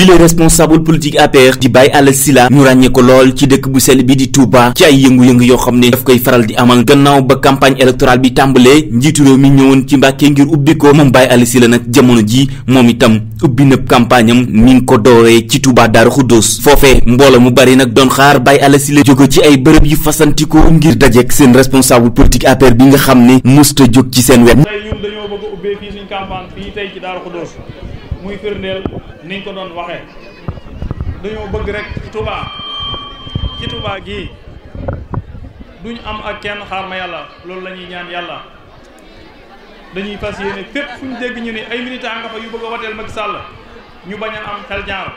bi le responsable politique APR di Baye Alla ñu ràññee ko lool ci dëkk bu sell bi di Touba ci ay yëngu-yëngu yoo xam ne daf koy faral di amal gannaaw ba campagne électorale bi tàmbalee njiitu réew mi ñëwoon ci Mbàkke ngir ubbi ko moom Baye Alla Sylla nag jamono ji moom itam ubbi nëb campagne am mi ngi ko dooree ci Touba Daaru Xuddoos foofee mbooloo mu bari nag doon xaar Baye Alla Sylla jóge ci ay bërëb yi fasantikoo ngir dajeek seen responsable politique APR bi nga xam ne musta jóg ci seen wet. muy firndeel niñ ko doon waxee dañoo bëgg rek ci tubaa ci tubaa gii duñ am ak kenn xaar ma yàlla loolu la ñuy ñaan yàlla dañuy fas yéene fépp fu ñu dégg ñu ni ay militant nga fa yu bëgg a wateel Macky Sall ñu bañ a am xel ñaar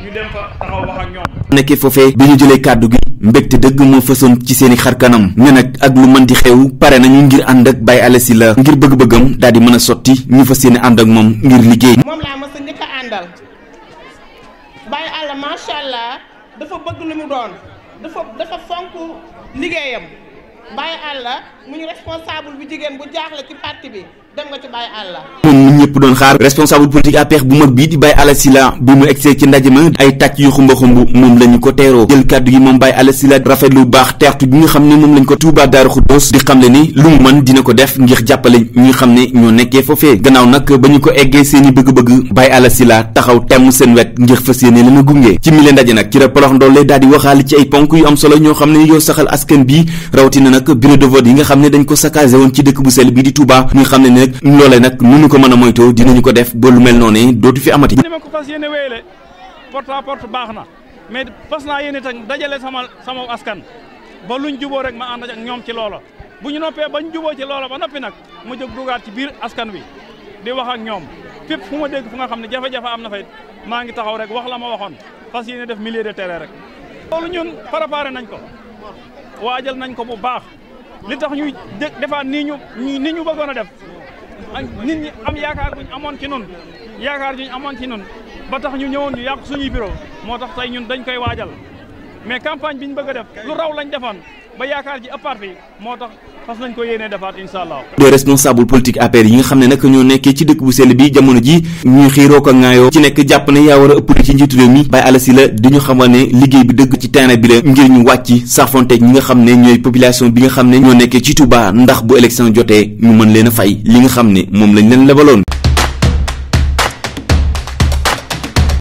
ñu dem fa bi ñu jëlee kàddu gi mbégte dëgg moo fësoon ci seeni xar kanam ne ak lu mën di xew pare nañu ngir ànd ak bay Alla Sylla ngir bëgg-bëggam daal di mën a sotti ñu fas seeni ànd ak moom ngir liggéey. moom laa mës njëkk àndal Baye Alla macha allah dafa bëgg lu mu doon dafa dafa fonk liggéeyam Baye Alla mu ñu responsable bu jigéen bu jaaxle ci parti bi. dem nga ci ñëpp doon xaar responsable politique APR bu mag bii di Baye Alla bu mu egsee ci ndaje ma ay tàcc yu xumba xumb moom la ñu ko teeroo jël kàddu gi moom Baye Alla rafet lu baax teertu gi nga xam ne moom lañ ko Touba Daaru Xuddoos di xam le ni lu mu mën dina ko def ngir jàppale ñu xam ne ñoo nekkee foofee gannaaw nag ba ñu ko eggee seen i bëgg-bëgg Baye Alla Sylla taxaw temm seen wet ngir fas yéene la na gunge ci mi leen ndaje nag ci xam ne yoo ko saccagé woon ci dëkk ne rek loolee nag nu ñu ko mën a moytoo dinañu ko def ba mel noonu dootu fi amati. ne ma ko fas yéene wéyale porte à porte baax na mais fas naa yéene tam dajale sama sama askan ba luñ juboo rek ma ànd ak ñoom ci loola bu ñu noppee bañ juboo ci loola ba noppi nag ma jóg dugaat ci biir wi di wax ak ñoom fépp fu ma dégg fu nga xam ne jafe-jafe am na fay maa ngi taxaw rek wax la ma waxoon fas yéene def milliers de terrain rek. loolu ñun préparé nañ ko waa waajal nañ ko bu baax li tax ñuy defaat nii ñu ni ñu bëggoon a def nit ñi am yaakaar guñ amoon ci nun yaakaar juñ amoon ci nun ba tax ñu ñëwoon ñu yàq suñuy bureau moo tax tey ñun dañ koy waajal mais campagne bi ñu bëgg a def lu raw lañ defoon ba yaakaar ji ëppaat yi moo tax fas nañ ko yéenee defaat incha allah. des responsables politique APR yi nga xam ne nag ñoo nekkee ci dëkk bu sell bi jamono ji ñuy xiiroo ko ŋaayoo ci nekk jàpp ne yaa war a ëppale ci njiitu réew mi Baye Alla di ñu xamal ne liggéey bi dëgg ci terrain bi la ngir ñu wàcc saafonteeg ñi nga xam ne ñooy population bi nga xam ne ñoo nekkee ci Touba ndax bu élection jotee ñu mën leen a fay li nga xam ne moom lañ leen lebaloon